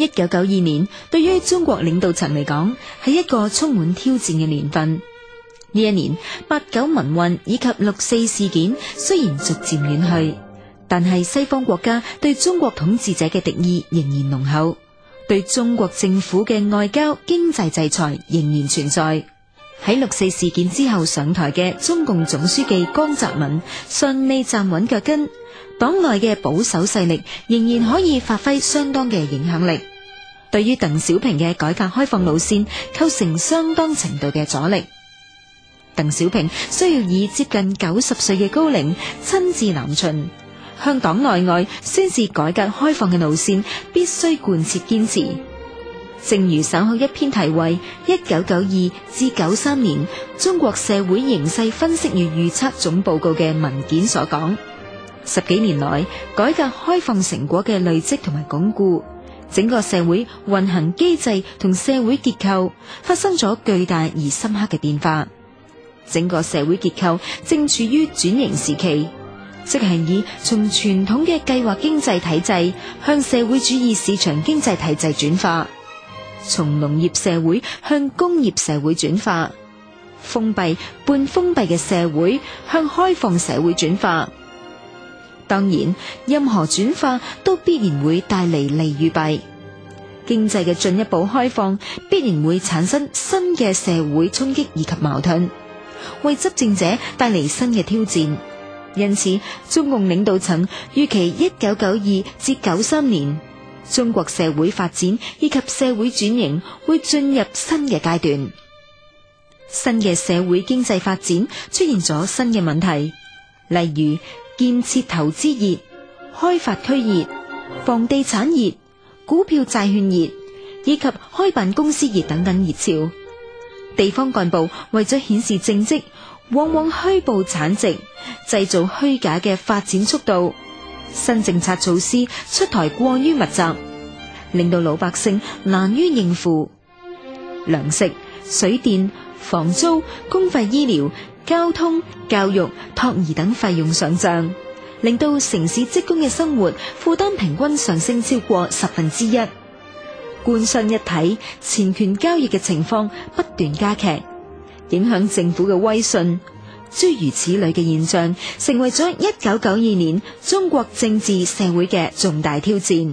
一九九二年，對於中國領導層嚟講，係一個充滿挑戰嘅年份。呢一年，八九民運以及六四事件雖然逐漸遠去，但係西方國家對中國統治者嘅敵意仍然濃厚，對中國政府嘅外交經濟制裁仍然存在。喺六四事件之後上台嘅中共總書記江澤民順利站穩腳跟，黨內嘅保守勢力仍然可以發揮相當嘅影響力。對於鄧小平嘅改革開放路線構成相當程度嘅阻力，鄧小平需要以接近九十歲嘅高齡親自南巡，向黨內外宣示改革開放嘅路線必須貫徹堅持。正如稍後一篇題為《一九九二至九三年中國社會形勢分析與預測總報告》嘅文件所講，十幾年來改革開放成果嘅累積同埋鞏固。整個社會運行機制同社會結構發生咗巨大而深刻嘅變化，整個社會結構正處於轉型時期，即係以從傳統嘅計劃經濟體制向社會主義市場經濟體制轉化，從農業社會向工業社會轉化，封閉、半封閉嘅社會向開放社會轉化。當然，任何轉化都必然會帶嚟利與弊。經濟嘅進一步開放必然會產生新嘅社會衝擊以及矛盾，為執政者帶嚟新嘅挑戰。因此，中共領導層預期一九九二至九三年中國社會發展以及社會轉型會進入新嘅階段。新嘅社會經濟發展出現咗新嘅問題。例如建設投資熱、開發區熱、房地產熱、股票債券熱以及開辦公司熱等等熱潮。地方幹部為咗顯示政績，往往虛報產值，製造虛假嘅發展速度。新政策措施出台過於密集，令到老百姓難於應付。糧食、水電、房租、公費醫療、交通、教育、托兒等費用上漲，令到城市職工嘅生活負擔平均上升超過十分之一。官商一體、錢權交易嘅情況不斷加劇，影響政府嘅威信。諸如此類嘅現象，成為咗一九九二年中國政治社會嘅重大挑戰。